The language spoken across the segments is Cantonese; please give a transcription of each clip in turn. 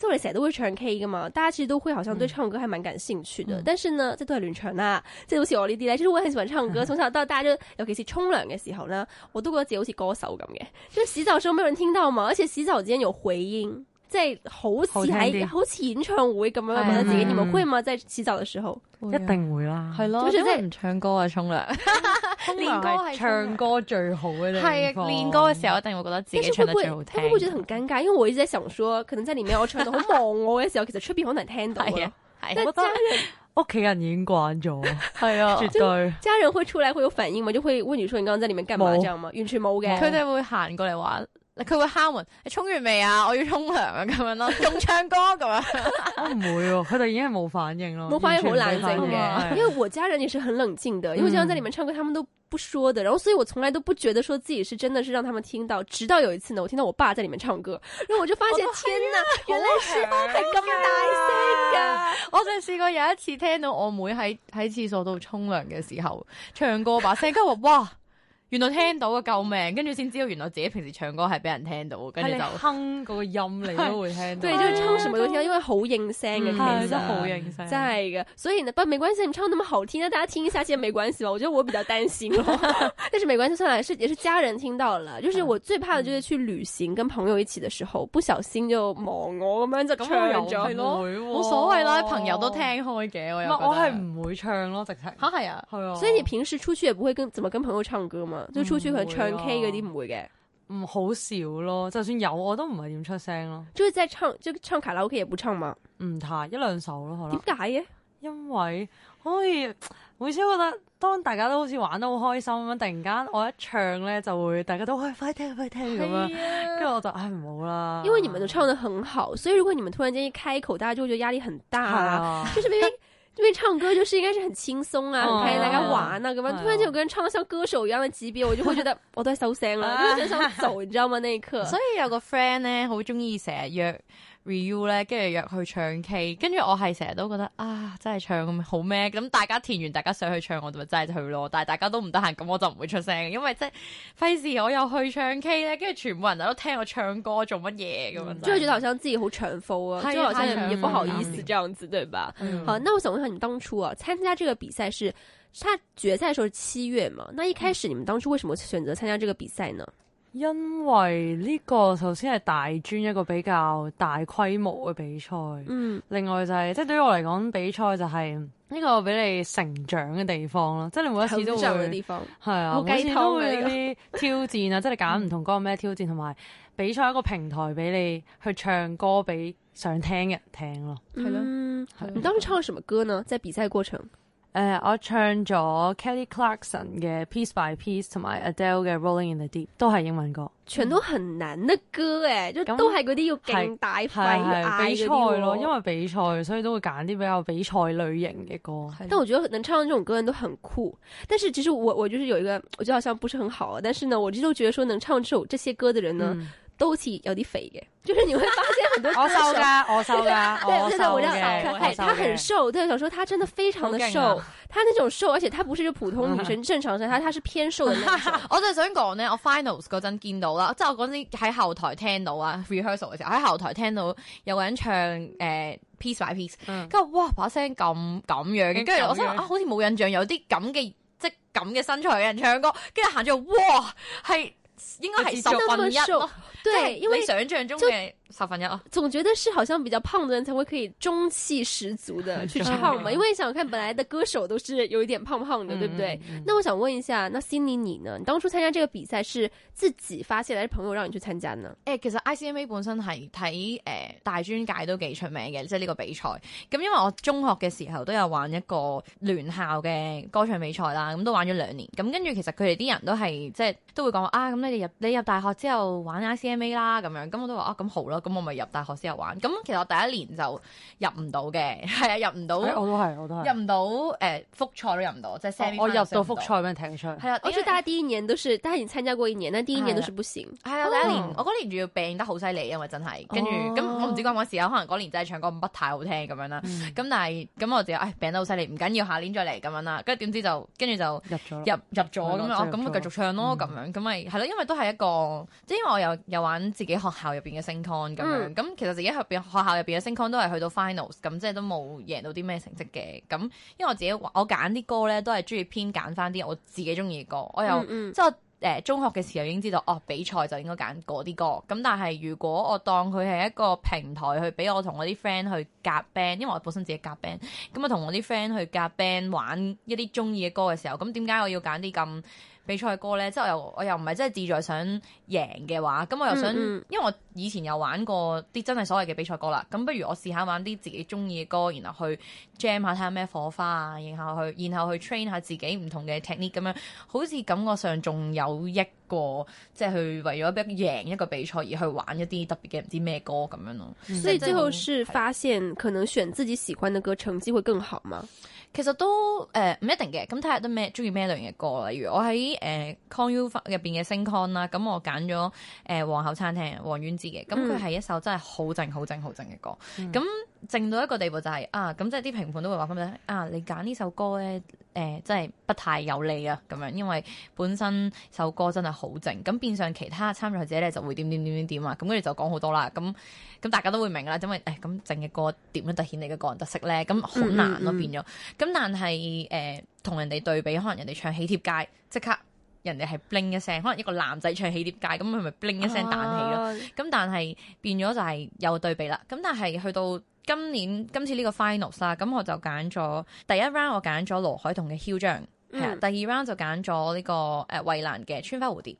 做嚟成日都會唱 K 㗎嘛，大家其實都會好像對唱歌還蠻感興趣的。嗯、但是呢，即都係亂唱啦。即係好似我呢啲咧，其實我係很喜歡唱歌，從小到大就尤其是沖涼嘅時候呢，我都覺得自己好似歌手咁嘅，就洗澡時候冇人聽到嘛，而且洗澡間有回音。即係好似喺好似演唱會咁樣，覺得自己面目觀嘛，即係沖涼嘅時候，一定會啦，係咯。即係唔唱歌啊，沖涼，練歌係唱歌最好嘅咧。係練歌嘅時候，一定會覺得自己唱得最好聽。會唔會覺得很尷尬？因為我一直在想，說可能在裡面我唱到好忘我嘅時候其實出邊好難聽到嘅。但係啊。我覺得屋企人已經慣咗，係啊，絕對。家人會出嚟會有反應嘛？就會問住唱歌即係點樣鳩嘛？完全冇嘅，佢哋會行過嚟玩。佢會敲門，你、欸、沖完未啊？我要沖涼啊，咁樣咯，仲唱歌咁樣。我唔、 啊、會喎、啊，佢哋已經係冇反應咯，冇反應好冷靜嘅。因為我家人也是很冷靜嘅、嗯，因為我經常在裏面唱歌，他們都不說的。然後所以我從來都不覺得說自己是真的是讓他們聽到。直到有一次呢，我聽到我爸在裏面唱歌，然後我就發現、啊、天啊，原來全班係咁大聲噶。啊、我就試過有一次聽到我妹喺喺廁所度沖涼嘅時候唱歌把個，把聲，佢話哇。 原來聽到啊，救命！跟住先知道原來自己平時唱歌係俾人聽到，跟住就哼嗰個音你都會聽到，對，就係唱全部都聽，因為好應聲嘅你係，真係好應聲。真係嘅。所以呢不過，沒關係，你唱得那麼好聽，大家聽一下先，沒關係嘛。我覺得我比較擔心，但是沒關係，算啦，也是家人聽到了，就是我最怕嘅就是去旅行跟朋友一起嘅時候，不小心就忘我咁樣就唱，就唔會，冇所謂啦，朋友都聽開嘅，我我係唔會唱咯，直情嚇係啊，係啊，所以你平時出去亦不會跟，怎麼跟朋友唱歌嘛？都係出佢唱 K 嗰啲唔會嘅，唔好笑咯。就算有，我都唔係點出聲咯。即係即係唱即係唱卡拉 OK 又唔唱嘛？唔太一兩首咯，可能。點解嘅？因為可以、哎，每次我覺得當大家都好似玩得好開心咁樣，突然間我一唱咧，就會大家都喂、哎、快聽快聽咁樣。跟住，啊、我就唉唔好啦。哎、因為你們都唱得很好，所以如果你們突然間一開口，大家就會覺得壓力很大。啊，就 因為唱歌就是應該是很輕鬆啊， 很開心大家玩啊，咁樣突然間有個人唱到像歌手一樣的級別，oh, oh. 我就會覺得我都收聲啦，我 就想走， 你知道嗎？那一刻，所以有個 friend 呢，好中意成日約。re you 咧，跟住約去唱 K，跟住我係成日都覺得啊，真係唱咁好咩？咁大家填完，大家想去唱我就咪真係去咯。但係大家都唔得閒，咁我就唔會出聲，因為真費事我又去唱 K 咧，跟住全部人都聽我唱歌做乜嘢咁樣。朱海主頭自己好唱長褲啊，朱海也不好意思這樣子，嗯、對吧？嗯，好，那我想問下你當初啊，參加這個比賽是，差決賽時候係七月嘛？那一開始你們當初為什麼選擇參加這個比賽呢？因為呢個首先係大專一個比較大規模嘅比賽，嗯，另外就係、是、即係對於我嚟講，比賽就係呢個俾你成長嘅地方咯，即係你每一次都會係啊，哦、每次都會有啲挑戰啊，即係你揀唔同嗰個咩挑戰，這個 同埋、嗯、比賽一個平台俾你去唱歌俾想聽嘅人聽咯，係咯、嗯。啊、你當時唱咗什麼歌呢？在比賽過程？呃、我唱咗 Kelly Clarkson 嘅 Piece by Piece，同埋 Adele 嘅 Rolling in the Deep，都係英文歌，全都很難的歌誒，嗯、就都都係嗰啲要勁大費嗌嗰啲咯，賽咯因為比賽，所以都會揀啲比較比賽類型嘅歌。嗯、的但我覺得能唱到呢種歌人都很酷，但是其實我我就是有一個，我覺得好像不是很好，但是呢，我就覺得說能唱這首這些歌的人呢。嗯都似有啲肥嘅，就是你會發現很多。我瘦㗎，我瘦㗎，對，現在我真係想瘦佢係，佢係瘦，但係想說佢真係非常嘅瘦，佢係那種瘦，而且佢不是個普通女生，正常身，佢係佢偏瘦嘅。我就想講咧，我 finals 嗰陣見到啦，即係我嗰陣喺後台聽到啊，rehearsal 嘅時候喺後台聽到有個人唱誒 piece by piece，跟住哇把聲咁咁樣嘅，跟住我先啊好似冇印象有啲咁嘅即係咁嘅身材嘅人唱歌，跟住行住哇係。應該係十分一咯，即係、哦、因為你想象中嘅。十分一啊、哦，總覺得是好像比較胖的人才會可以中氣十足的去唱嘛，因為想看本來的歌手都是有一點胖胖的， 對不對？嗯嗯嗯，那我想問一下，那 Cindy 你呢？你當初參加這個比賽是自己發現，還是朋友讓你去參加呢？誒、欸，其實 ICMA 本身係睇誒大專界都幾出名嘅，即係呢個比賽。咁因為我中學嘅時候都有玩一個聯校嘅歌唱比賽啦，咁都玩咗兩年。咁跟住其實佢哋啲人都係即係都會講啊，咁你哋入你入大學之後玩 ICMA 啦咁樣，咁、啊、我都話啊咁好咯。咁我咪入大學先有玩，咁其實我第一年就入唔到嘅，係啊，入唔到，我都係我都係入唔到誒復賽都入唔到，即係我入到復賽俾人聽出，係啊，我知大家第一年都算，但係你參加過一年，但第一年都算不行，第一年我嗰年仲要病得好犀利，因為真係跟住咁我唔知關咩事啊，可能嗰年真係唱歌唔不太好聽咁樣啦，咁但係咁我自己病得好犀利，唔緊要，下年再嚟咁樣啦，跟住點知就跟住就入咗入入咗咁樣，咁咪繼續唱咯咁樣，咁咪係咯，因為都係一個即係因為我又又玩自己學校入邊嘅聲控。咁、嗯、樣，咁其實自己入邊學校入邊嘅 sing con 都係去到 finals，咁即係都冇贏到啲咩成績嘅。咁因為我自己我揀啲歌咧，都係中意偏揀翻啲我自己中意嘅歌。我又、嗯嗯、即係誒、呃、中學嘅時候已經知道哦比賽就應該揀嗰啲歌。咁但係如果我當佢係一個平台去俾我同我啲 friend 去夾 band，因為我本身自己夾 band，咁啊同我啲 friend 去夾 band 玩一啲中意嘅歌嘅時候，咁點解我要揀啲咁比賽嘅歌咧？即係我又我又唔係真係自在想贏嘅話，咁我又想、嗯嗯、因為我。以前有玩過啲真係所謂嘅比賽歌啦，咁不如我試下玩啲自己中意嘅歌，然後去 jam 下睇下咩火花啊，然後去然後去 train 下自己唔同嘅 technique 咁樣，好似感覺上仲有一個即係去為咗贏一個比賽而去玩一啲特別嘅唔知咩歌咁樣咯。所以之後係發現可能選自己喜歡嘅歌成績會更好嘛？其實都誒唔、呃、一定嘅，咁睇下都咩中意咩類型嘅歌，例如我喺誒 ConU 入邊嘅 SingCon 啦，咁、呃嗯、我揀咗誒皇后餐廳、王菀。知嘅，咁佢係一首真係好靜、好靜、好靜嘅歌，咁靜、嗯、到一個地步就係、是、啊，咁即係啲評判都會話咁樣啊，你揀呢首歌咧，誒、呃，真係不太有利啊，咁樣，因為本身首歌真係好靜，咁變相其他參賽者咧就會點點點點點啊，咁跟住就講好多啦，咁咁大家都會明啦，因為誒咁靜嘅歌點樣突顯你嘅個人特色咧，咁好難咯變咗，咁、嗯嗯嗯、但係誒同人哋對比，可能人哋唱喜帖街即刻。人哋係 bling 一聲，可能一個男仔唱《喜帖街》，咁佢咪 bling 一聲彈起咯。咁、啊、但係變咗就係有對比啦。咁但係去到今年今次呢個 final 啦，咁我就揀咗第一 round，我揀咗羅海彤嘅《囂張》。係啊，yes, mm. 第二 round 就揀咗呢個誒衞、uh, 蘭嘅《穿花蝴蝶》。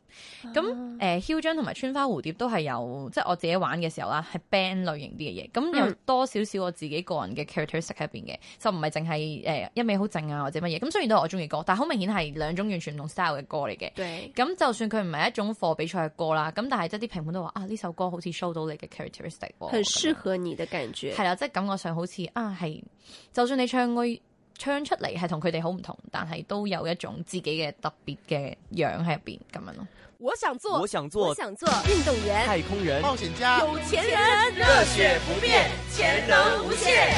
咁誒《囂張》同埋《穿花蝴蝶》都係有，即係我自己玩嘅時候啦，係 band 類型啲嘅嘢。咁有多少，少少我自己個人嘅 characteristic 入邊嘅，就唔係淨係誒一味好靜啊或者乜嘢。咁雖然都係我中意歌，但係好明顯係兩種完全同 style 嘅歌嚟嘅。咁 Yeah. 就算佢唔係一種貨比賽嘅歌啦，咁但係即係啲評判都話、so, 啊，呢首歌好似 show 到你嘅 characteristic。很適合你嘅感覺。係啦，即係感覺上好似啊，係就算你唱唱出嚟係同佢哋好唔同，但係都有一種自己嘅特別嘅樣喺入邊咁樣咯。我想做我想做我想做運動員、太空人、冒險家、有錢人、無錢人，熱血不變，潛能無限，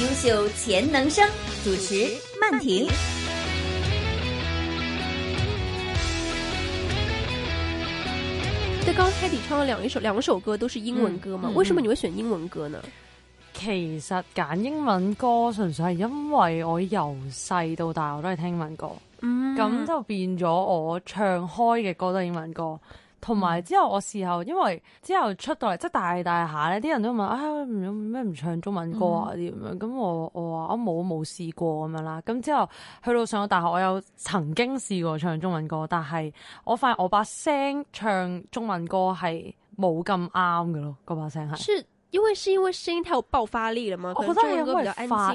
優秀潛能生。主持曼婷，在剛才你唱了兩一首兩首歌，都是英文歌嘛？嗯嗯、為什麼你會選英文歌呢？其實揀英文歌純粹係因為我由細到大我都係聽英文歌。咁、嗯、就變咗我唱開嘅歌都係英文歌，同埋之後我事後因為之後出到嚟即係大大下咧，啲人都問啊唔咩唔唱中文歌啊啲咁樣，咁我我話我冇冇試過咁樣啦，咁之後去到上咗大學，我有曾經試過唱中文歌，但係我發現我把聲唱中文歌係冇咁啱嘅咯，嗰把聲係。因為是因為聲頭爆發力啊嘛，我覺得有個發音嘅問、啊、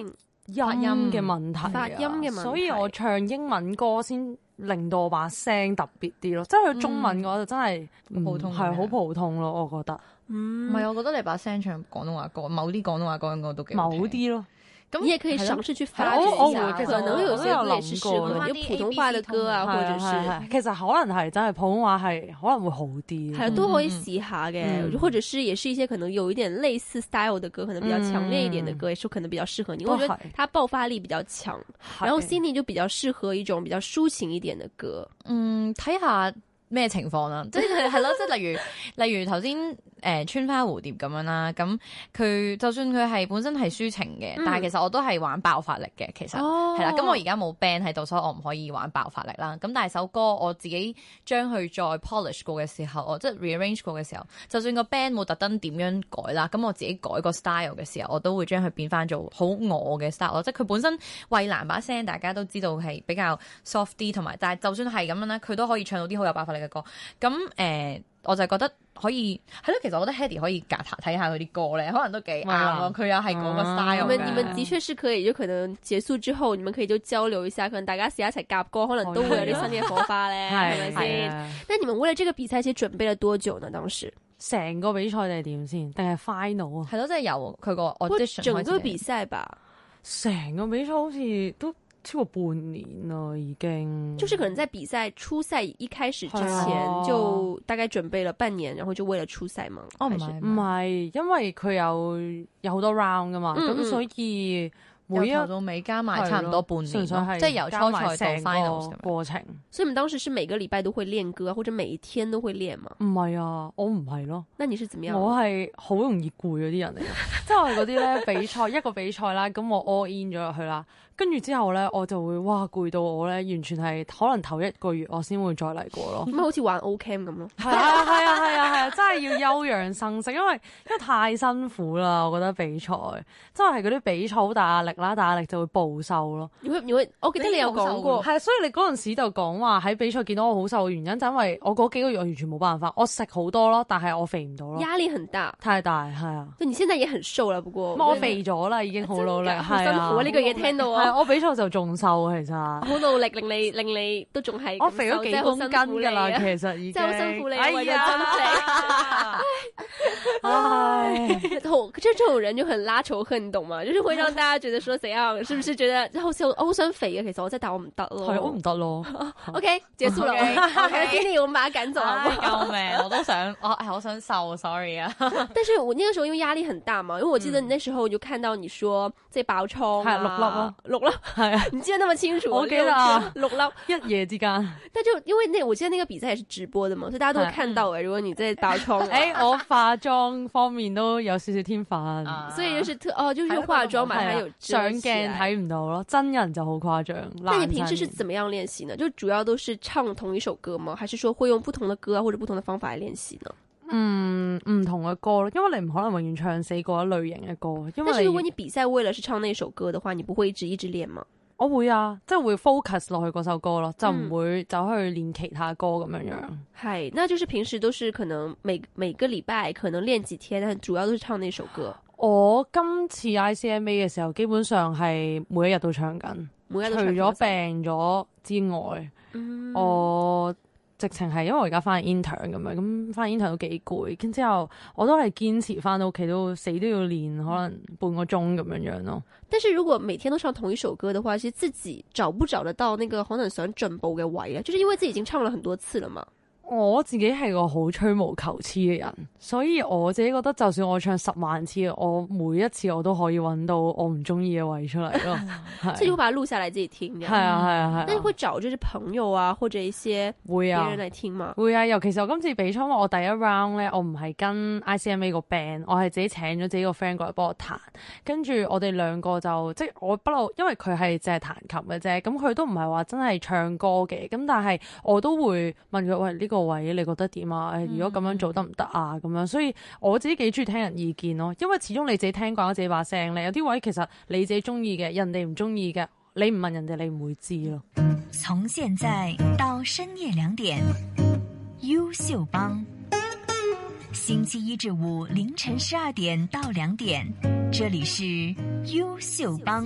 問題，發音嘅問題，所以我唱英文歌先令到我把聲特別啲咯，嗯、即係佢中文嘅話就真係普通，係好普通咯，我覺得，唔係、嗯，我覺得你把聲唱廣東話歌，某啲廣東話歌應該都幾，某啲咯。嗯、你也可以嘗試去發掘一下，嗯嗯、可能有些也是適合。有、嗯嗯、普通話的歌啊，嗯、或者是，其實可能係真係普通話係可能會好啲。都可以多試下嘅，或者是也是一些可能有一點類似 style 嘅歌，可能比較強烈一點嘅歌，也是可能比較適合你。嗯嗯、我覺得它爆發力比較強，的然後 Cindy 就比較適合一種比較抒情一點嘅歌。嗯，睇下咩情況啦、啊，即係係咯，即、就、係、是、例如例如頭先。誒穿花蝴蝶咁樣啦，咁佢就算佢係本身係抒情嘅，嗯、但係其實我都係玩爆發力嘅，其實係啦。咁、哦、我而家冇 band 喺度，所以我唔可以玩爆發力啦。咁但係首歌我自己將佢再 polish 過嘅時候，我即係 rearrange 過嘅時候，就算個 band 冇特登點樣改啦，咁我自己改個 style 嘅時候，我都會將佢變翻做好我嘅 style。即係佢本身衞蘭把聲大家都知道係比較 soft 啲，同埋但係就算係咁樣呢，佢都可以唱到啲好有爆發力嘅歌。咁誒。呃我就覺得可以，係咯，其實我覺得 Hedy 可以夾睇下佢啲歌咧，可能都幾啱。佢又係嗰個 style。你們你們的確是可以，有可能結束之後，你們可以就交流一下，可能大家試一齊夾歌，可能都會有啲新嘅火花咧，係咪先？但你們為了這個比賽其實準備了多久呢？當時成個比賽定係點先？定係 final 啊？係咯，即係有佢個 audition，整個比賽吧？成個比賽好似都。超過半年啦，已經。就是可能在比賽初賽一開始之前，啊、就大概準備了半年，然後就為了初賽嘛。哦唔唔係，因為佢有有好多 round 噶嘛，咁、嗯、所以每一個由頭到尾加埋差唔多半年咯，即係由初賽到 final 過程。過程，所以你當時是每個禮拜都會練歌，或者每一天都會練嘛？唔係啊，我唔係咯。那你是怎麼樣？我係好容易攰嗰啲人嚟，嘅 即係我係嗰啲咧比賽一個比賽啦，咁我 all in 咗入去啦。跟住之後咧，我就會哇攰到我咧，完全係可能頭一個月我先會再嚟過咯。咁咪好似玩 o k m 咁咯？係 啊係啊係啊係啊，啊！真係要休養生息，因為因為，因為太辛苦啦。我覺得比賽真係嗰啲比賽好大壓力啦，大壓力就會暴瘦咯。如果如果我記得你有講過，係啊，所以你嗰陣時就講話喺比賽見到我好瘦嘅原因，就因為我嗰幾個月我完全冇辦法，我食好多咯，但係我肥唔到咯。壓力很大太大係啊。就你現在也很瘦啦，不過因為 我肥咗啦，已經好努力係辛苦呢句嘢聽到啊。我比賽就仲瘦啊，其實。好努力令你令你都仲係。我肥咗幾公斤噶啦，其實已經。即係好辛苦你。哎呀。唉，同即係這種人就很拉仇恨，你懂嗎？就是會讓大家覺得說，怎樣，是不是覺得好想，好想肥啊？其實我真係，但我唔得咯。係我唔得咯。OK，結束啦。我哋今天要把它趕走啊！救命，我都想，我誒，我想瘦，sorry 啊。但是我那個時候因為壓力很大嘛，因為我記得你那時候我就看到你說在爆粗，係六六六。六啦，係啊，唔記得那麼清楚？我記得啊，六粒一夜之間，但就因為那，我記得那個比賽是直播的嘛，所以大家都會看到、欸、啊。如果你在打妝、啊哎，誒， 我化妝方面都有少少天分，啊、所以有時特哦，就是化妝埋喺度，上鏡睇唔到咯，真人就好誇張。那你平時是怎麼樣練習呢？就主要都是唱同一首歌嗎？還是說會用不同的歌或者不同的方法嚟練習呢？嗯，唔同嘅歌咯，因為你唔可能永遠唱死嗰一類型嘅歌。但是如果你比賽為了是唱那首歌嘅話，你不會一直一直練嗎？我會啊，即係會 focus 落去嗰首歌咯，嗯、就唔會走去練其他歌咁樣樣。係，那就是平時都是可能每每個禮拜可能練幾天，但主要都是唱那首歌。我今次 ICMA 嘅時候，基本上係每一日都唱緊，每一唱除咗病咗之外，嗯、我。直情係，因為我而家翻去 intern 咁樣，咁翻去 intern 都幾攰，跟之後我都係堅持翻到屋企都死都要練，可能半個鐘咁樣樣咯。但是如果每天都唱同一首歌嘅話，其實自己找不找得到那個可能想 j 步嘅位，a 就是因為自己已經唱了很多次啦嘛。我自己係個好吹毛求疵嘅人，所以我自己覺得，就算我唱十萬次，我每一次我都可以揾到我唔中意嘅位出嚟咯。即係我把錄下嚟自己聽。係啊係啊係。啊但係會找咗啲朋友啊，或者一些會啊人嚟聽嗎？會啊，尤其是我今次比賽，我第一 round 咧，我唔係跟 ICMA 個 band，我係自己請咗自己個 friend 過嚟幫我彈。跟住我哋兩個就即係我不嬲，因為佢係淨係彈琴嘅啫，咁佢都唔係話真係唱歌嘅。咁但係我都會問佢喂，呢個個位、 嗯、你覺得點啊？如果咁樣做得唔得啊？咁樣，所以我自己幾中意聽人意見咯，因為始終你自己聽慣咗自己把聲咧，有啲位其實你自己中意嘅，人哋唔中意嘅，你唔問人哋，你唔會知咯。從現在到深夜兩點，優秀幫，星期一至五凌晨十二點到兩點，這裏是優秀幫。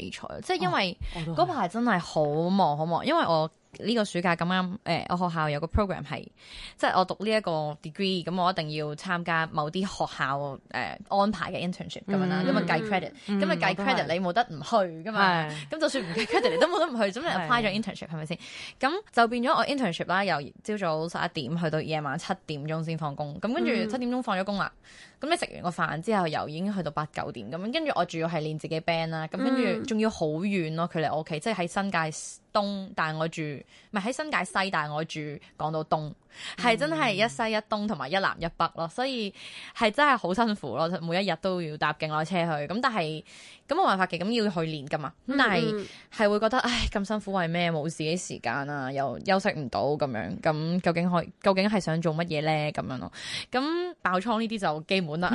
比賽，即係因為嗰排真係好忙好忙，因為我呢個暑假咁啱，誒、呃，我學校有個 program 係，即係我讀呢一個 degree，咁我一定要參加某啲學校誒、呃、安排嘅 internship 咁樣啦、嗯，咁啊計 credit，咁啊計、嗯、credit，你冇得唔去噶嘛，咁、嗯、就算唔計 credit，你都冇得唔去，咁你 apply 咗 internship 係咪先？咁是就變咗我 internship 啦，由朝早十一點去到夜晚七點鐘先放工，咁跟住七點鐘放咗工啦。嗯咁你食完個飯之後又已經去到八九點咁樣，跟住我主要係練自己 band 啦，咁跟住仲要好遠咯、啊，距離我屋企，即係喺新界東，但係我住唔係喺新界西，但係我住港島東。係真係一西一東同埋一南一北咯，所以係真係好辛苦咯，每一日都要搭勁耐車去。咁但係咁冇辦法嘅，咁要去練噶嘛。咁但係係、嗯、會覺得唉，咁辛苦為咩？冇自己時間啊，又休息唔到咁樣。咁究竟可究竟係想做乜嘢咧？咁樣咯。咁爆倉呢啲就基本啦，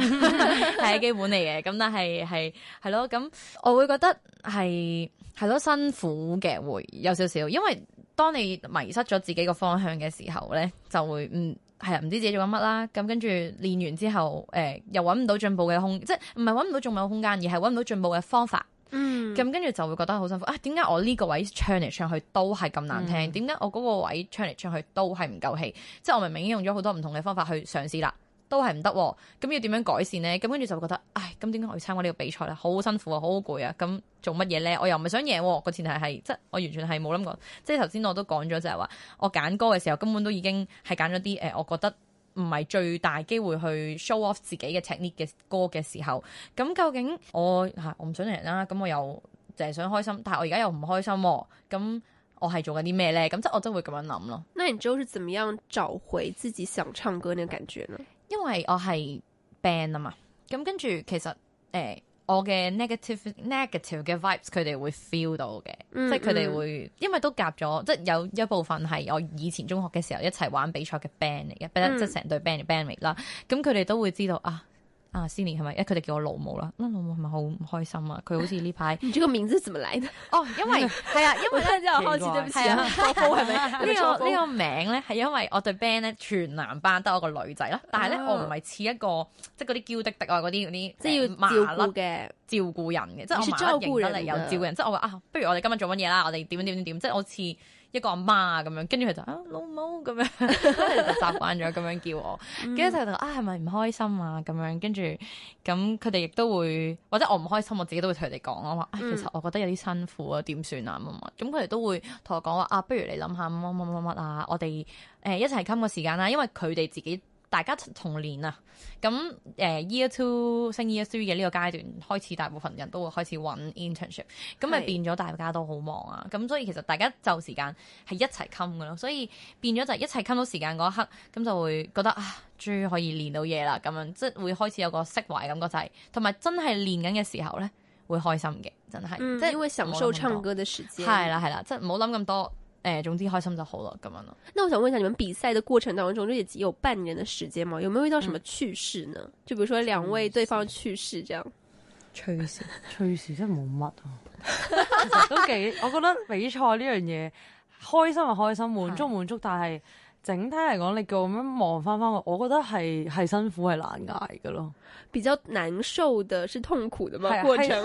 係 基本嚟嘅。咁但係係係咯。咁我會覺得係係咯，辛苦嘅，會有少少，因為。當你迷失咗自己個方向嘅時候咧，就會唔係啊，唔知自己做緊乜啦。咁跟住練完之後，誒、呃、又揾唔到進步嘅空，即係唔係揾唔到進步嘅空間，而係揾唔到進步嘅方法。嗯，咁跟住就會覺得好辛苦。啊，點解我呢個位唱嚟唱去都係咁難聽？點解、嗯、我嗰個位唱嚟唱去都係唔夠氣？即係我明明已經用咗好多唔同嘅方法去嘗試啦。都係唔得，咁要點樣改善呢？咁跟住就覺得，唉，咁點解我要參加呢個比賽咧？好，好辛苦啊，好好攰啊！咁做乜嘢呢？我又唔係想贏，個前提係即我完全係冇諗過，即係頭先我都講咗就係話，我揀歌嘅時候根本都已經係揀咗啲誒，我覺得唔係最大機會去 show off 自己嘅 technique 嘅歌嘅時候，咁究竟我吓我唔想贏啦，咁我又淨係想開心，但係我而家又唔開心，咁我係做緊啲咩呢？咁即我真會咁樣諗咯。那你之後是怎麼樣找回自己想唱歌呢個感覺呢？因為我係 band 啊嘛，咁跟住其實誒、欸、我嘅 neg negative negative 嘅 vibes 佢哋會 feel 到嘅，mm hmm。即係佢哋會，因為都夾咗，即係有一部分係我以前中學嘅時候一齊玩比賽嘅 band 嚟嘅、mm，hmm。即係成隊 band band 嚟啦，咁佢哋都會知道啊。啊，Senior 係咪？因為佢哋叫我老母啦，老母係咪好唔開心啊？佢好似呢排，唔知個名字怎麼嚟？哦，因為係啊， 因為之後開始，對不起啊，錯誤係咪？呢、 這個呢、這個名咧，係因為我對 band 咧全男班得我個女仔啦，但係咧我唔係似一個即係嗰啲嬌滴滴啊嗰啲啲，即、就、係、是哦呃、要麻甩嘅照顧、呃、人嘅，即係我照顧人嚟，有照顧人，即、就、係、是、我啊，不如我哋今日做乜嘢啦？我哋點點點點點，即、就、係、是、我似。一個阿媽咁樣，跟住佢就啊老母咁樣，就習慣咗咁樣叫我，跟住就啊係咪唔開心啊咁樣，跟住咁佢哋亦都會，或者我唔開心，我自己都會同佢哋講，我話、哎、其實我覺得有啲辛苦啊，點算啊咁啊，咁佢哋都會同我講話啊，不如你諗下乜乜乜乜乜啊，我哋誒、呃、一齊慳個時間啦，因為佢哋自己。大家同年啊，咁誒 year two 升 year three 嘅呢個階段開始，大部分人都會開始揾 internship，咁咪變咗大家都好忙啊，咁所以其實大家就時間係一齊冚㗎囉，所以變咗就係一齊冚到時間嗰一刻，咁就會覺得啊終於可以練到嘢啦，咁樣即係會開始有個釋懷感覺就係，同埋真係練緊嘅時候咧會開心嘅，真係，嗯、即係因為少唱歌嘅時間，係啦係啦，即係唔好諗咁多。誒、呃，總之開心就好了咁樣咯。那我想問一下，你們比賽的過程當中，總之也只有半年的時間嘛？有沒有遇到什麼趣事呢？嗯、就比如說兩位對方趣事這樣。趣事趣事真係冇乜啊， 其實都幾。我覺得比賽呢樣嘢，開心係開心，滿足滿足，的但係整體嚟講，你叫我咁樣望翻翻，我覺得係係辛苦係難挨噶咯比較難受的是痛苦的嘛過程，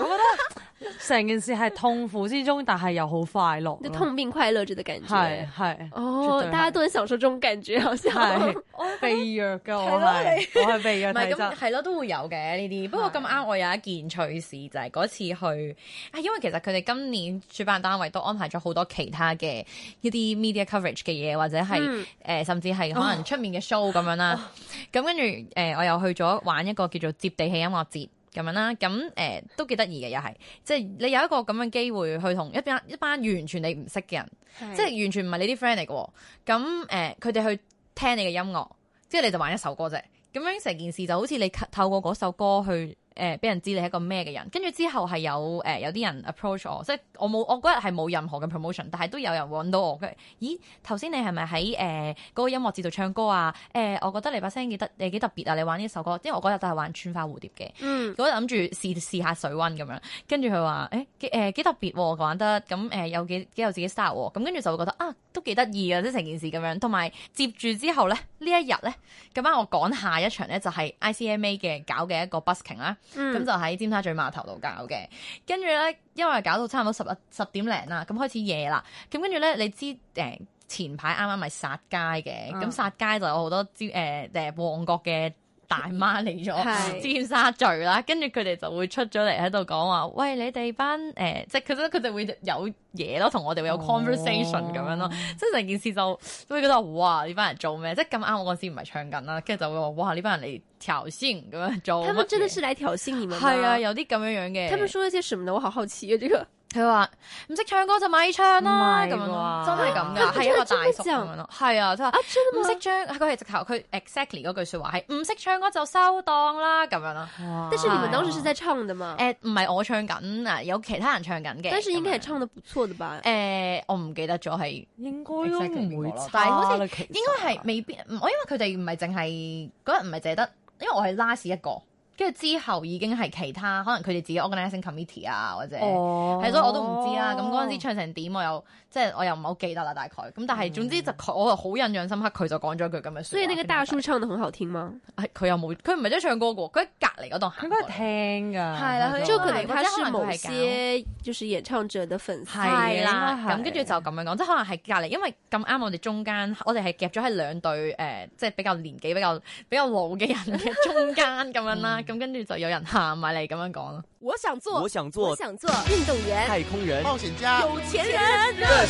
成件事係痛苦之中，但係又好快樂，痛並快樂着的感覺。係哦，大家都喺手術中，鏡住好似係，被脆弱嘅我係，我係唔係咁係咯，都會有嘅呢啲。不過咁啱，我有一件趣事就係嗰次去，啊，因為其實佢哋今年主辦單位都安排咗好多其他嘅一啲 media coverage 嘅嘢，或者係誒，甚至係可能出面嘅 show 咁樣啦。咁跟住誒，我又去咗玩一個叫叫做接地氣音樂節咁樣啦，咁誒、呃、都幾得意嘅又係，即係、就是、你有一個咁嘅機會去同一班一班完全你唔識嘅人，的即係完全唔係你啲 friend 嚟嘅，咁誒佢哋去聽你嘅音樂，即係你就玩一首歌啫，咁樣成件事就好似你透過嗰首歌去。誒俾人知你係一個咩嘅人，跟住之後係有誒、呃、有啲人 approach 我，即係我冇我嗰日係冇任何嘅 promotion，但係都有人揾到我。跟咦，頭先你係咪喺誒嗰個音樂節度唱歌啊？誒、呃，我覺得你把聲幾得，你幾特別啊！你玩呢首歌，因為我嗰日都係玩穿花蝴蝶嘅、嗯欸呃啊。嗯，嗰日諗住試試下水溫咁樣，跟住佢話誒誒幾特別玩得咁誒，有幾幾有自己 style 喎、啊。咁跟住就會覺得啊，都幾得意啊，即成件事咁樣。同埋接住之後咧，一呢一日咧咁啱，我講下一場咧就係 I C M A 嘅搞嘅一個 busking 啦。咁、嗯、就喺尖沙咀碼頭度搞嘅，跟住咧，因為搞到差唔多十一十點零啦，咁開始夜啦，咁跟住咧，你知誒、呃、前排啱啱咪殺街嘅，咁殺、嗯、街就有好多招誒誒旺角嘅。 大媽嚟咗尖沙咀啦，跟住佢哋就會出咗嚟喺度講話，喂你哋班誒、呃，即係佢覺得佢哋會有嘢咯，同我哋會有 conversation 咁、哦、樣咯，即係成件事就都會覺得哇呢班人做咩？即係咁啱我嗰時唔係唱緊啦，跟住就會話哇呢班人嚟挑釁咁樣做。佢們真的是來挑釁你們、啊？係啊，有啲咁樣樣嘅。佢咪說了些什麼我好好奇啊，這個。佢話唔識唱歌就咪唱啦、啊，咁、啊、樣，真係咁噶，係、啊、一個大叔咁係啊，佢係阿川唔識唱，佢係直頭，佢 exactly 嗰句說話係唔識唱歌就收檔啦，咁樣咯。哇！但是你們當時是在唱的嘛？誒、啊，唔、呃、係我唱緊啊，有其他人唱緊嘅。但是應該係唱得不錯的吧？誒、呃，我唔記得咗係，應該都唔會差。但好似應該係未必，我、啊、因為佢哋唔係淨係嗰日唔係淨得，因為我係 last 一個。跟住之後已經係其他，可能佢哋自己 organising committee 啊，或者係所、oh. 我都唔知啦、啊。咁嗰陣時唱成點我有？即係我又唔係好記得啦，大概咁，但係總之就我就好印象深刻，佢就講咗句咁嘅。所以那個大叔唱得很好聽嗎？佢又冇，佢唔係真係唱歌嘅，佢喺隔離嗰度應該係聽㗎。係啦，跟住佢哋，他是某些就是演唱者的粉絲。係啦，咁跟住就咁樣講，即可能係隔離，因為咁啱我哋中間，我哋係夾咗喺兩對誒，即係比較年紀比較比較老嘅人嘅中間咁樣啦。咁跟住就有人喊埋嚟咁樣講。我想做，我想做，我想做運動員、太空人、冒險家、有錢人。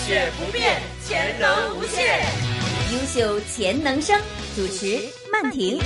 血不變，潛能無限，優秀潛能生主持曼婷。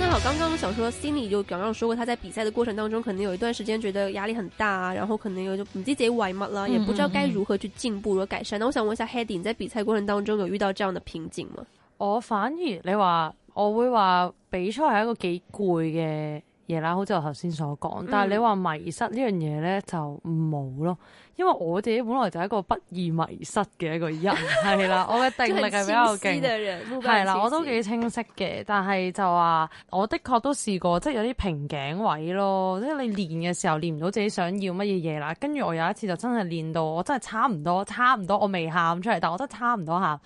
那好，剛剛想說，Cindy 就剛剛說過，他在比賽的過程當中，可能有一段時間覺得壓力很大，然後可能有就你自己為乜啦，也不知道該如何去進步或改善。嗯嗯嗯。那我想問一下 Hedy，你在比賽過程當中有遇到這樣的瓶頸嗎？我反而你話，我會話比賽係一個幾攰嘅。嘢啦，好似我頭先所講，但係你話迷失呢樣嘢咧就冇咯，因為我自己本來就係一個不易迷失嘅一個人，係啦， 我嘅定力係比較勁，係啦，我都幾清晰嘅，但係就話我的確都試過，即係有啲瓶頸位咯，即係你練嘅時候練唔到自己想要乜嘢嘢啦，跟住我有一次就真係練到，我真係差唔多，差唔多，我未喊出嚟，但我真係差唔多喊。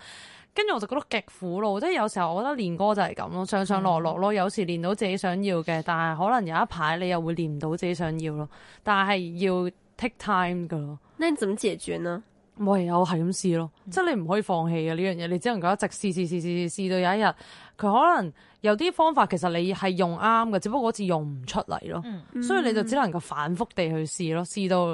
跟住我就覺得極苦惱，即係有時候我覺得練歌就係咁咯，上上落落咯，嗯、有時練到自己想要嘅，但係可能有一排你又會練唔到自己想要咯，但係要 take time 噶咯。你點解決呢？喂、哎，我係咁試咯，嗯、即係你唔可以放棄嘅呢樣嘢，你只能夠一直試試試試，試，試，試，試，試，試到有一日佢可能。有啲方法其實你係用啱嘅，只不過嗰次用唔出嚟咯，嗯、所以你就只能夠反覆地去試咯，試到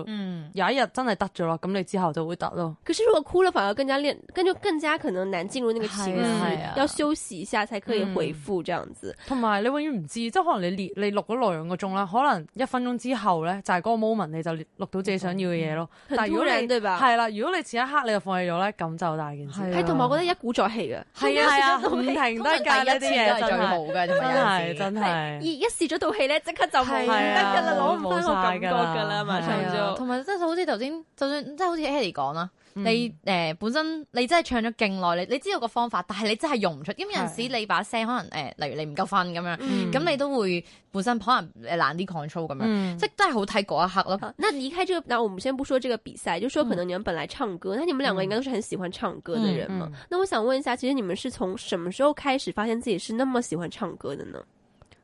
有一日真係得咗咯，咁你之後就會得咯。其實如果哭了反而更加練，跟住更加可能難進入呢個情緒，啊、要休息一下才可以回復，這樣子。同埋、嗯嗯、你永遠唔知，即係可能你練錄咗兩個鐘啦，可能一分鐘之後呢，就係、是、嗰個 moment 你就錄到自己想要嘅嘢咯。嗯嗯、但如果你係啦吧，如果你遲一刻你就放棄咗呢，咁就大件事。係、啊啊，同埋我覺得一鼓作氣嘅，係啊，唔、啊啊、停得隔呢啲嘢冇噶真係，真係， 一 而一試咗套戲咧，即刻就冇，唔得噶啦，攞唔翻個感覺噶啦，同埋即係好似頭先，就算即係好似 Harry 講啦。你誒、呃、本身你真係唱咗勁耐，你你知道個方法，但係你真係用唔出。因咁有陣時你把聲可能誒、呃，例如你唔夠瞓咁樣，咁、嗯、你都會本身可能難啲 control 咁樣，即係都係好睇嗰一刻咯。那離開呢、這個，那我們先不說這個比賽，就說可能你們本來唱歌，那、嗯、你們兩個應該都是很喜歡唱歌嘅人嘛。嗯嗯、那我想問一下，其實你們是從什麼時候開始發現自己是那麼喜歡唱歌的呢？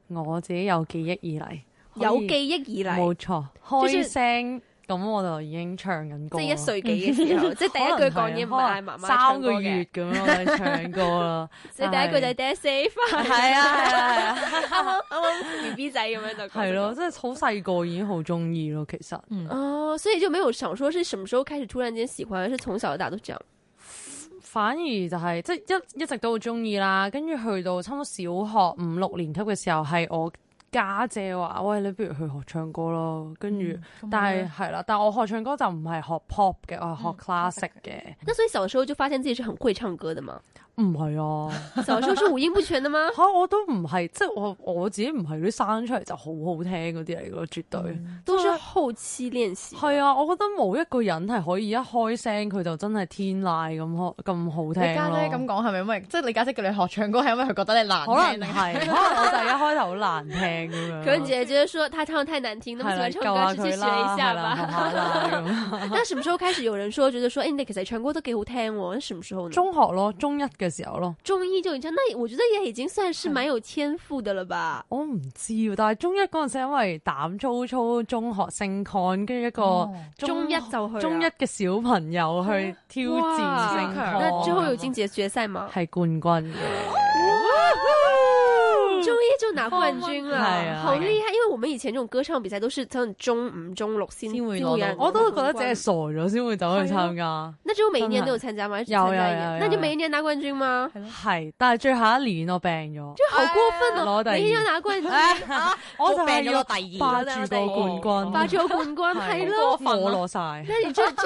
我自己有記憶以嚟，以有記憶以嚟冇錯，就是、開聲咁我就已經唱緊歌，即係一歲幾嘅時候，即係第一句講嘢唔係媽媽，三個月咁樣喺唱歌啦。即係第一句就係爹 say 翻，係啊係啊係啊，啱啱 B B 仔咁樣就係咯，真係好細個已經好中意咯，其實。哦，所以就沒有想說是什麼時候開始突然間喜歡，是從小到大都這樣。反而就係即係一一直都好中意啦，跟住去到差唔多小學五六年級嘅時候，係我。家姐話：喂，你不如去學唱歌咯，跟住，但係係啦，但係我學唱歌就唔係學 pop 嘅，我係學 classic 嘅。咁、嗯嗯、所以小時候，就發現自己是很會唱歌的嘛。唔係啊，就說是五音不全嘅嗎？吓，我都唔係，即係我我自己唔係啲生出嚟就好好聽嗰啲嚟咯，絕對都係後期練習。係啊，我覺得冇一個人係可以一開聲佢就真係天籟咁咁好聽。你家姐咁講係咪因為即係你家姐叫你學唱歌係因為佢覺得你難聽？可能我就一開頭好難聽咁樣。佢姐姐說，他唱得太難聽，咁唔喜歡唱歌就去學一下啦。咁但係什麼時候開始有人說覺得說誒你其實係唱歌都幾好聽？什麼時候？中學咯，中一。嘅時候咯，中一就一就已經，那我覺得也已經算是蠻有天賦的了吧？是的 我唔知，但係中一嗰陣時因為膽粗粗，中學升抗，跟住一個中、哦、中一就去，中一嘅小朋友去挑戰升抗，最後有晉級咗決賽嘛，係冠軍。就拿冠軍啦，係啊，好厲害！因為我們以前這種歌唱比賽，都是可能中五、中六先先會攞到，我都覺得真係傻咗先會走去參加。那之後每一年都有參加嗎？有有有。那就每一年拿冠軍嗎？係，但係最後一年我病咗，即係好過分啊！每一年拿冠軍，我就病咗第二，霸住個冠軍，霸咗冠軍，係咯，過分，我攞晒。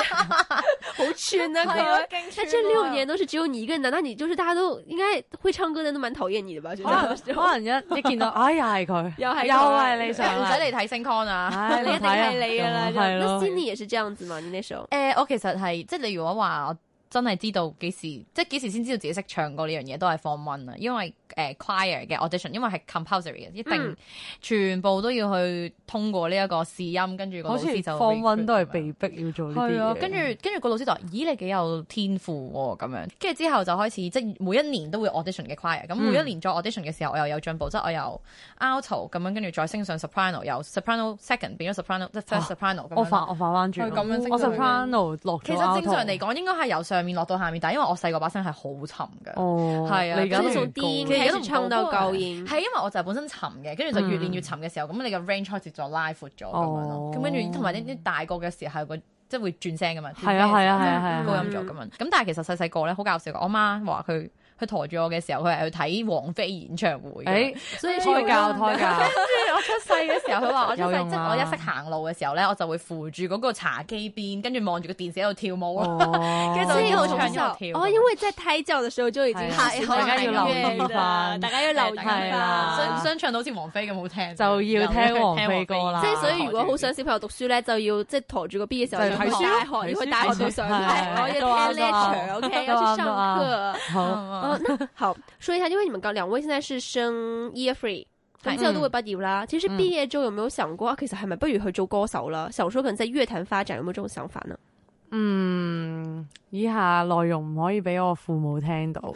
好串啊佢，哎，這六年都是只有你一個人，難道你就是大家都應該會唱歌的都蠻討厭你嘅吧？我覺得，我 見到，哎呀，係佢又係佢，又係又係你，唔使嚟睇 Sean 啊，哎、呀 你一定係你噶啦，係咯有。Sunny 也是這樣子嘛，Initial 誒我其實係即係例如果我話。真係知道幾時，即係幾時先知道自己識唱歌呢樣嘢都係 form one 啦，因為誒、呃、choir 嘅 audition，因為係 compulsory 嘅，一定全部都要去通過呢一個試音，跟住個老師就 form one 都係被逼要做嘅。跟住跟住個老師就話：咦，你幾有天賦喎、啊、咁樣。跟住之後就開始即係每一年都會 audition 嘅 choir，咁、嗯、每一年再 audition 嘅時候我又有進步，即係我又 alto 咁樣，跟住再升上 soprano，由 soprano second 變咗 soprano，即係 first soprano。我反我反翻轉，我，我 soprano 落。其實正常嚟講應該係由上面落到下面，但係因為我細個把聲係好沉嘅，係啊，其實唱到夠煙，係因為我就係本身沉嘅，跟住就越練越沉嘅時候，咁你嘅 range 開始就拉闊咗咁樣咯，咁跟住同埋呢啲大個嘅時候個即係會轉聲嘅嘛，係啊係啊係啊，高音咗咁樣，咁但係其實細細個咧好搞笑，我媽話佢佢陀住我嘅時候，佢係去睇王菲演唱會，所以胎教胎教。我出世嘅時候，佢話我出世即係我一識行路嘅時候咧，我就會扶住嗰個茶几邊，跟住望住個電視喺度跳舞咯。跟住就一路唱一路跳。哦，因為在胎教嘅時候就已經大家要留意，大家要留意啦。想唔想唱到好似王菲咁好聽？就要聽王菲歌啦。即係所以，如果好想小朋友讀書咧，就要即係陀住個 B 嘅時候就睇書咯。如果打到上台可以聽呢一場，聽啊書啊。好，那好，說一下，因為你們講兩位現在是升 year Three。嗯、之後都會畢業啦。其實畢業之後有冇有想過，嗯啊、其實係咪不，不如去做歌手啦？想說可能在樂壇發展，有冇這種想法呢？嗯，以下內容唔可以俾我父母聽到，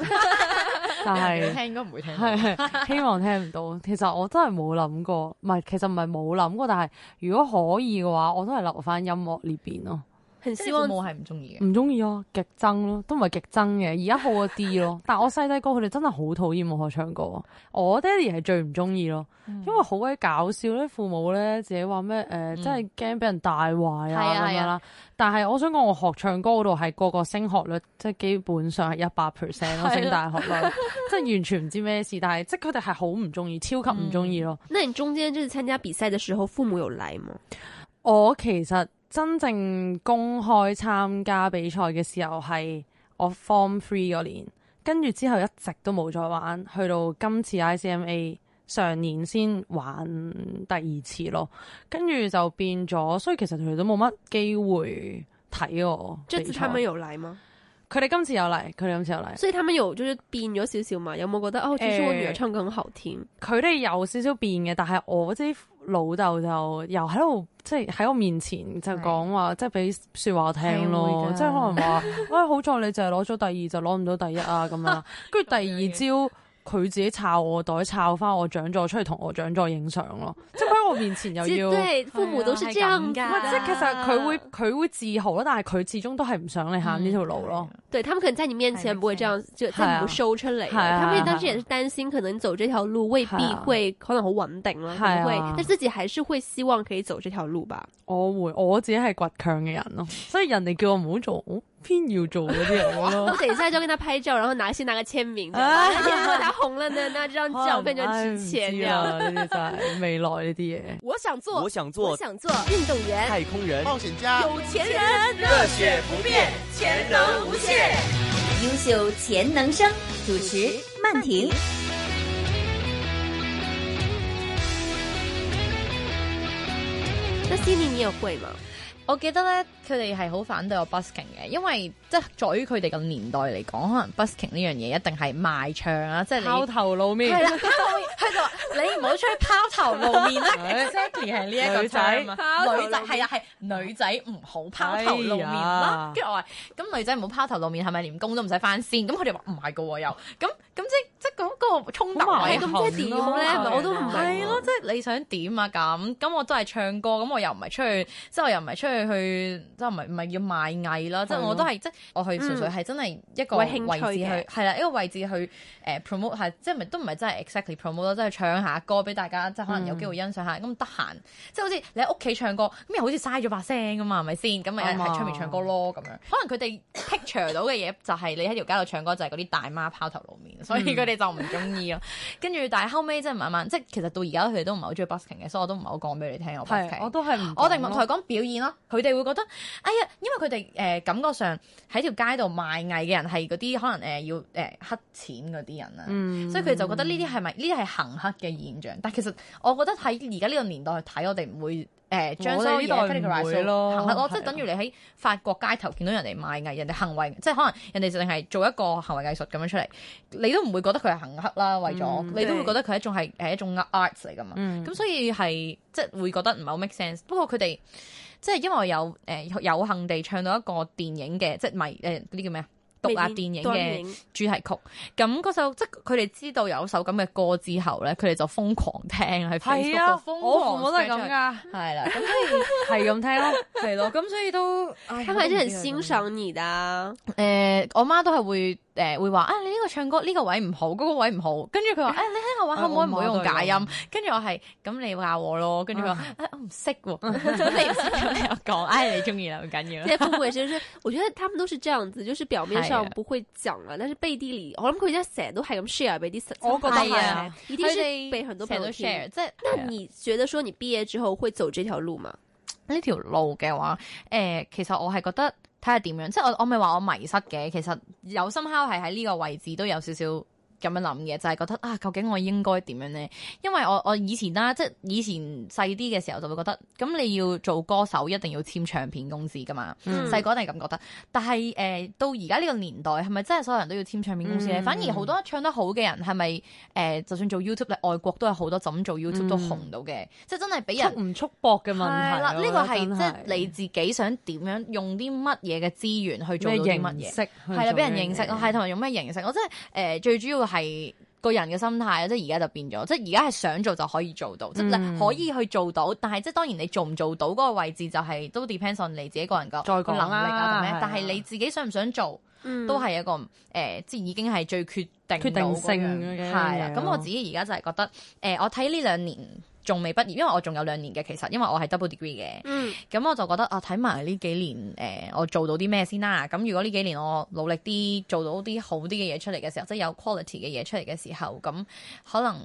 但係聽應該唔會聽到，係 希望聽唔到。其實我都係冇諗過，唔係其實唔係冇諗過，但係如果可以嘅話，我都係留翻音樂呢邊咯。平時父母係唔中意嘅，唔中意啊，極憎咯，都唔係極憎嘅，而家好一啲咯。 但係我細細個佢哋真係好討厭我學唱歌。我爹哋係最唔中意咯，嗯、因為好鬼搞笑咧。父母咧自己話咩誒，真係驚俾人帶壞啊咁、嗯、樣啦。嗯、但係我想講我學唱歌嗰度係個個升學率即係基本上係一百 percent 咯，升、啊啊、大學咯，即係 完全唔知咩事。但係即係佢哋係好唔中意，超級唔中意咯、嗯。那你中間即係參加比賽嘅時候，父母又嚟嗎？我其實。真正公開參加比賽嘅時候係我 Form Three 嗰年，跟住之後一直都冇再玩，去到今次 ICMA 上年先玩第二次咯。跟住就變咗，所以其實佢哋都冇乜機會睇我。今次佢哋有嚟嗎？佢哋今次有嚟，佢哋今次有嚟。所以佢哋有就是變咗少少嘛？有冇覺得哦？欸、其實我女唱歌很好聽，佢哋有少少變嘅，但係我之。老豆就又喺度即係喺我面前就講話，是即係俾說話聽咯，的即係可能話，喂、 哎，好彩你淨係攞咗第二，就攞唔到第一啊咁樣，跟住 第二朝。 佢自己抄我袋，抄翻我獎座出嚟同我獎座影相咯，即係喺我面前又要，即係 父母都是咁噶。即係其實佢會佢會自豪咯，但係佢始終都係唔想你行呢條路咯、嗯。對，對他們可能在你面前唔會這樣，是不是就即係唔 show 出嚟，佢、啊、佢哋當時也是擔心，可能走這條路未必會，啊、可能好穩定咯，會，啊、但自己還是會希望可以走這條路吧。我會，我自己係倔強嘅人咯，所以人哋叫我唔好做。 偏要做嗰啲，我等一下就跟他拍照，然後拿先拿個簽名，啊，如果 他紅了呢，那張照變成值錢了，真係唔啲。我想做，我想做，我想做運動員、太空人、冒險家、有錢人、熱血不變、潛能無限、優秀潛能生，主持曼婷。那 Cindy 你也會嗎？我記得咧，佢哋係好反對我 busking 嘅，因為即係在於佢哋嘅年代嚟講，可能 busking 呢樣嘢一定係賣唱啦，即係拋頭露面啦。係佢 就話：你唔好出去拋頭露面啦。Exactly 係呢一個仔，女仔係啊，係女仔唔好拋頭露面啦。跟住、哎、呀我話：咁女仔唔好拋頭露面，係咪連工都唔使翻先？咁佢哋話唔係噶，又咁咁即。我咁即係點咧？我都唔係咯，即、就、係、是、你想點啊？咁咁我都係唱歌，咁我又唔係出去，即係我又唔係出去去，即係唔係唔係要賣藝咯？即係我都係即係，我去純粹係真係一個位置去，係啦、嗯啊，一個位置去誒、呃、promote，係即係都唔係真係 exactly promote 咯，即係唱下歌俾大家，即係可能有機會欣賞下。咁得閒，即係好似你喺屋企唱歌，咁又好似嘥咗把聲㗎嘛，係咪先？咁咪喺出面唱歌咯咁樣。嗯、可能佢哋 picture 到嘅嘢就係你喺條街度唱歌就係嗰啲大媽拋頭露面，嗯、所以佢哋就唔。意咯，跟住 但係後尾即係慢慢，即係其實到而家佢哋都唔係好中意 busking 嘅，所以我都唔係好講俾你聽。我 b a 我都係我哋咪同佢講表演咯。佢哋會覺得哎呀，因為佢哋誒感覺上喺條街度賣藝嘅人係嗰啲可能誒、呃、要誒、呃、黑錢嗰啲人啊。嗯、所以佢哋就覺得呢啲係咪呢啲係行黑嘅現象？但其實我覺得喺而家呢個年代去睇，我哋唔會。誒將收嘢會咯，行乞咯，即係等於你喺法國街頭見到人哋賣藝，的人哋行為即係可能人哋淨係做一個行為藝術咁樣出嚟，你都唔會覺得佢係行乞啦，為咗你都會覺得佢係一種係誒一種 art 嚟㗎嘛。咁、嗯、所以係即係會覺得唔係好 make sense。不過佢哋即係因為我有誒、呃、有幸地唱到一個電影嘅即係咪誒嗰啲叫咩啊？獨立電影嘅主題曲，咁嗰首即係佢哋知道有首咁嘅歌之後咧，佢哋就瘋狂聽喺 Facebook，、啊、瘋狂 我係咁噶，係啦，咁所以係咁聽咯，係咯， 咁、就是、 所以都係咪啲人欣賞你啊？誒、呃，我媽都係會。誒會話啊，你呢個唱歌呢個位唔好，嗰個位唔好。跟住佢話啊，你聽我話可唔可以唔好用假音？跟住我係咁，你話我咯。跟住佢話我唔識喎。搞笑你中意啦，唔緊要。即係父母其實，我覺得他們都是這樣子，就是表面上不會講啦，但是背地裡，我諗佢而家成日都係咁 share，畀啲。我覺得係，一定是被很多朋友 share。即係，那你覺得說你畢業之後會走這條路嘛？呢條路嘅話，誒，其實我係覺得。睇下點樣，即係我我咪話我迷失嘅，其實有心敲係喺呢個位置都有少少。咁樣諗嘅就係、是、覺得啊，究竟我應該點樣呢？因為我我以前啦、啊，即係以前細啲嘅時候就會覺得，咁你要做歌手一定要簽唱片公司㗎嘛。細個係咁覺得，但係誒、呃、到而家呢個年代係咪真係所有人都要簽唱片公司咧？嗯、反而好多唱得好嘅人係咪誒，就算做 YouTube 喺外國都係好多就做 YouTube 都紅到嘅，嗯、即係真係俾人唔束縛嘅問題咯、啊。呢、這個係即係你自己想點樣用啲乜嘢嘅資源去做啲乜嘢？係啦，俾人認識咯，係同埋用咩形式？我真係誒、呃、最主要。係個人嘅心態啦，即係而家就變咗，即係而家係想做就可以做到，嗯、即係可以去做到。但係即係當然你做唔做到嗰個位置就係、是、都 depends on 你自己個人個能力啊，咁樣。麼但係你自己想唔想做、嗯、都係一個誒、呃，即係已經係最決定決定性嘅。係啦，咁我自己而家就係覺得誒、呃，我睇呢兩年。仲未畢業，因為我仲有兩年嘅，其實因為我係 double degree 嘅，咁、mm. 我就覺得啊，睇埋呢幾年誒、呃，我做到啲咩先啦？咁如果呢幾年我努力啲，做到啲好啲嘅嘢出嚟嘅時候，即係有 quality 嘅嘢出嚟嘅時候，咁可能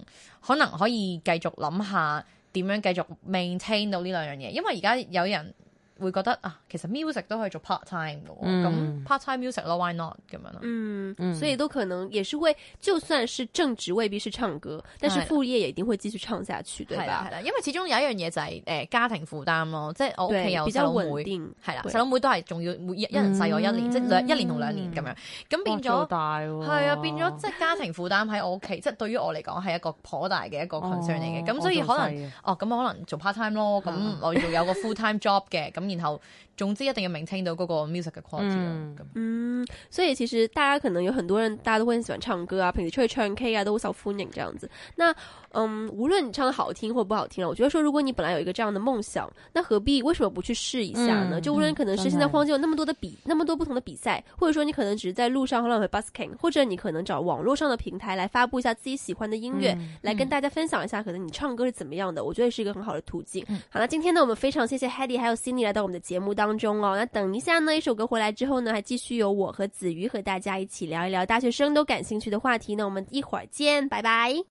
可能可以繼續諗下點樣繼續 maintain 到呢兩樣嘢，因為而家有人。會覺得啊，其實 music 都可以做 part time 嘅，咁 part time music 咯，why not 咁樣咯？嗯，所以都可能也是會，就算是正職未必是唱歌，但是副業也一定會繼續唱下去，對吧？係啦，因為始終有一樣嘢就係誒家庭負擔咯，即係我屋企有細佬妹，係啦，細佬妹都係仲要每一人細我一年，即兩一年同兩年咁樣，咁變咗大係啊，變咗即係家庭負擔喺我屋企，即係對於我嚟講係一個頗大嘅一個 concern 嚟嘅，咁所以可能哦咁可能做 part time 咯，咁我要有個 full time job 嘅咁。然後，總之一定要 maintain 到嗰個 music 嘅 quality、嗯。樣嗯，所以其實大家可能有很多人，大家都會很喜歡唱歌啊，平時出去唱 K 啊，都會 self-funding 這樣子。那，嗯，無論你唱得好聽或不好聽，我覺得說如果你本來有一個這樣的夢想，那何必為什麼不去試一下呢？嗯、就無論可能是現在荒就有那麼多的比，嗯嗯、的那麼多不同的比賽，或者說你可能只是在路上會浪者 busking，或者你可能找網絡上的平台來發布一下自己喜歡的音樂，嗯嗯、來跟大家分享一下可能你唱歌是怎麼樣的，我覺得是一個很好的途徑。嗯、好啦，今天呢，我們非常謝謝 Heidi 還有 Cindy 嚟。到我們的節目當中哦，那等一下呢，一首歌回來之後呢，還繼續由我和子瑜和大家一起聊一聊大學生都感興趣的話題，那我們一會兒見，拜拜。